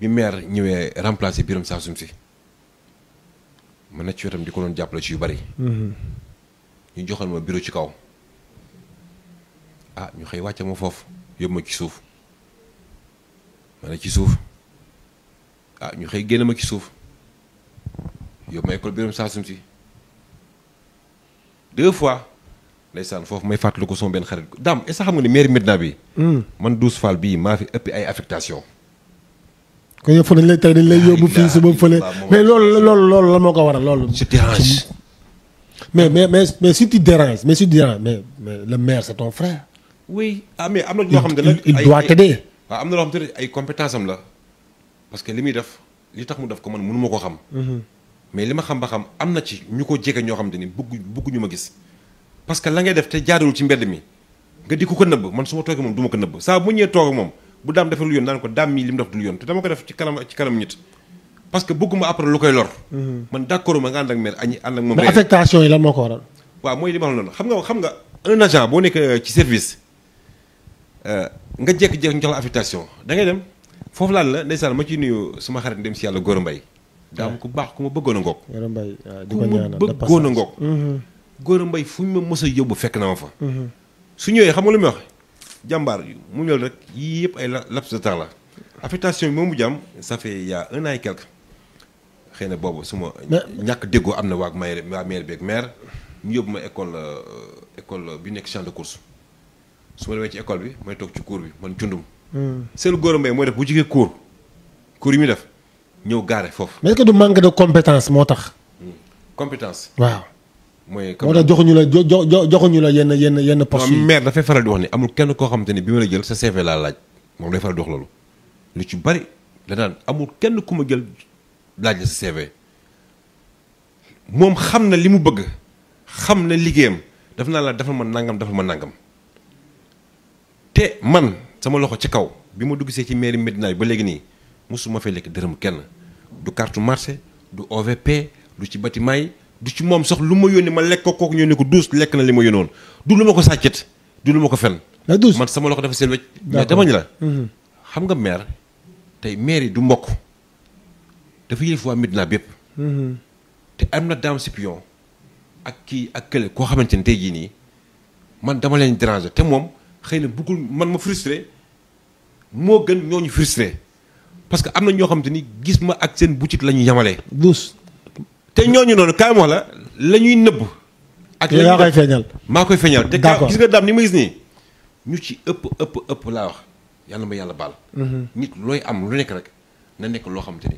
bi maire ñëwee remplacé saa Saasum si mën na ci wetam di ko loon jàppale si yu bari. Mhm. ñu joxal ma bureau ci kaw. ah ñu xëy wàcce ma foofu yóbbu ma ci suuf ma ne ci suuf ah ñu xëy génn ma ci suuf yóbbu ma école saa Saasum si deux fois. ndeysaan foofu may fàttaliku sama benn xarit daam est-ce que xam nga ni mairie Medina bi. Mm. man douze Fall bii maa fi ëpp ay affectation ko yëpp dañ lay tey dañ lay yóbbu fii suba fële mais loolu loolu loolu la moo ko waral loolu. je dérange. mais mais mais mais si tu déranges mais si tu déranges mais mais le maire c'est ton ah, mais ñoo xam ne nag il doit t'aider. waaw am na loo xam ay compétence am la parce que li muy def li tax mu def ko man mënu ma ko xam. Mhm. mais li ma xam ba xam am na ci ñu ko jege ñoo xam te ni bëgg bëgg ñu ma gis parce que la ngay def te jaaduwul ci mbedd mi nga di ko ko nëbb man su ma toogee moom du ma ko nëbb saa bu ñëwee toog moom. bu daam defee lu yoon naan ko daam mii li mu def du lu yoon te dama ko def ci kanam ci kanam nit parce que bëgguma après lu koy lor mhm. man d'accord ma nga ànd ak maire añi ànd ak moom mais affectation moo ko waral waaw mooy li ma wax xam nga xam nga un agent boo nekk euh, ci service euh, nga jékki-jékki ñu jox la affectation da ngay dem foofu laal la ndeysaan ma ciy nuyu suma xarit dem si yàlla a mbay daam ku baax ku ma bëggoon a ngoog euh, ku ma bëggoon a ngoog mhm. Gora mbay fu ñu ma mos a yóbbu fekk na ma fa mhm. su ñëwee xam nga lu muy wax jàmbaar mu ñëw rek yii yëpp ay la de la affectation bi moom mu jàmm ça fait y a un an et quelque xëy boobu su ma ñàkk déggoo am na waag maire waa maire beeg maire ñu yóbbu ma école euh, école bi nekk champ de course su ma demee ci école bi may toog ci cours bi man cundum hmm. seen góor a mbay mooy def bu jigee cours cours yi muy def ñëw gaare foofu mais est du manque de compétence moo tax hmm. compétence waaw mooy moo tax joxuñu la jo jo joxuñu la yenn yenn yenn poste yi maire dafay faral di wax ni amul kenn koo xamante ni bi ma la jël sa CV laa laaj moom day faral di wax loolu lu ci bari danaan amul kenn ku ma jël laaj la sa CV moom xam na li mu bëgg xam ne liggéeyam daf naa la dafa ma nangam dafa ma nangam te man sama loxo ci kaw bi ma dugg see ci mairie Médina ba léegi nii mosuma fay lekk dërëm kenn du carte marché du OVP du ci bâtiment yi du ci moom sax lu ma yónni ma lekk ko kooku ñëw ne ko duus lekk na li ma yónnoon du lu ma ko sàccet du lu ma ko fen man sama loxo dafa seen wecc mais dama ñu la mhm. xam nga maire tey maire du mbokk dafa yëlif waa Médina bépp mhm. am na Dame Scipion ak kii ak kële koo xamante ne tey jii nii man dama leen dranger te moom xëy na buggul man ma frustré moo gën ñooñu frustré parce que am na ñoo xamante ni gis ma ak seen boutique la ñu yamalee duus te ñooñu noonu kaay ma la la ñuy nëbb. ak la ñuy koy feeñal. maa koy feeñal te kaay gis nga daam ni ma gis nii ñu ci ëpp ëpp ëpp laa wax yàlla ma yàlla baal. Mm-hmm. nit looy am lu nekk rek na nekk loo xamante ni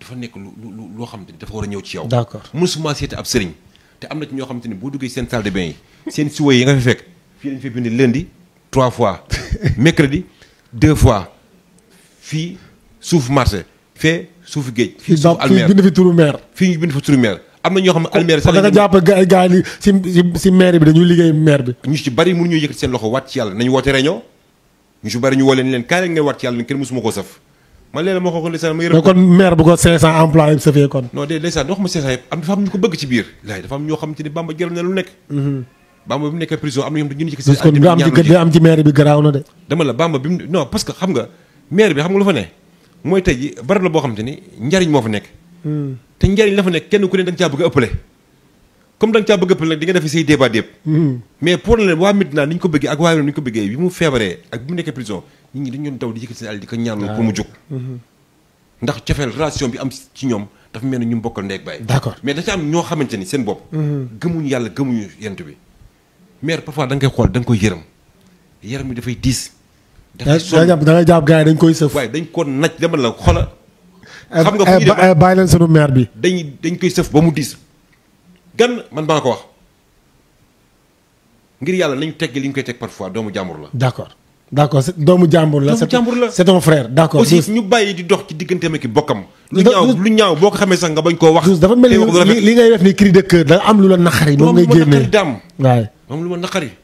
dafa nekk lu loo xamante ni dafa war a ñëw ci yow. d'accord mësuma seeti ab sëriñ te am na ci ñoo xamante ni boo duggee seen salle de yi seen siwa yi nga fi fekk fii dañu fay bind lundi trois fois mercredi deux fois fii suuf marché fee suuf géej. fii suufu almer fii bind fi turu meer. fii bind fi turu meer am na ñoo xam ne sax da jàpp gaa gaa yi si si bi dañuy liggéey meer bi. ñu ci bari mënuñu yëkkati seen loxo waat ci yàlla nañu woote réunion ñu ci bari ñu woo leen leen kaay ngay ci yàlla kenn mësuma koo saf. man léeg-léeg ma xool ndeysaan ma yërëm kon maire bu ko 500 employés safee kon. non de ndeysaan wax ma 500 yëpp am dafa am ñu ko bëgg ci biir. Mhm. la mooy tey ji barab la boo xam te ni njariñ moo fa nekk hmm. te njariñ la fa nekk kenn ku ne da nga caa bëgg a ëppale comme da nga bëgg a ëppale nag di nga def say débat déeb hmm. mais pour le waa Medina ni ñu ko bëggee ak waa ni ñu ko bëggee bi mu feebaree ak bi mu nekkee prison nit ñi dañu doon daw di yëkkati seen àll di mu ah. jóg hmm. ndax cofeel relation bi am ci ñoom dafa mel ne ñu bokkal ndeeg bàyyi d'accord mais dafa am ñoo xamante ni seen bopp gëmuñu yàlla gëmuñu yent bi mais parfois da nga koy xool da nga koy yërëm yaram bi dafay diis dafay sonn da ngay jàpp gars yi dañ koy sëf. waaye dañ ko naj dama la xola eh, xam nga fu eh, ñuy def eh, bàyyi leen sunu maire bi. dañ dañ koy sëf ba mu diis. gan man maa ko wax ngir yàlla nañu teggi li ñu koy teg parfois doomu jàmbur la. d' accord d' accord doomu jàmbur la. doomu jàmbur la c' est ton frère aussi ñu bàyyi di dox ci digganteem ak i bokkam. lu ñaaw lu ñaaw boo ko xamee sax nga bañ koo wax. dafa mel ni li ngay def ni cri de cœur da am lu la naqari. moom ngay génnee moom lu ma naqari daam. waaye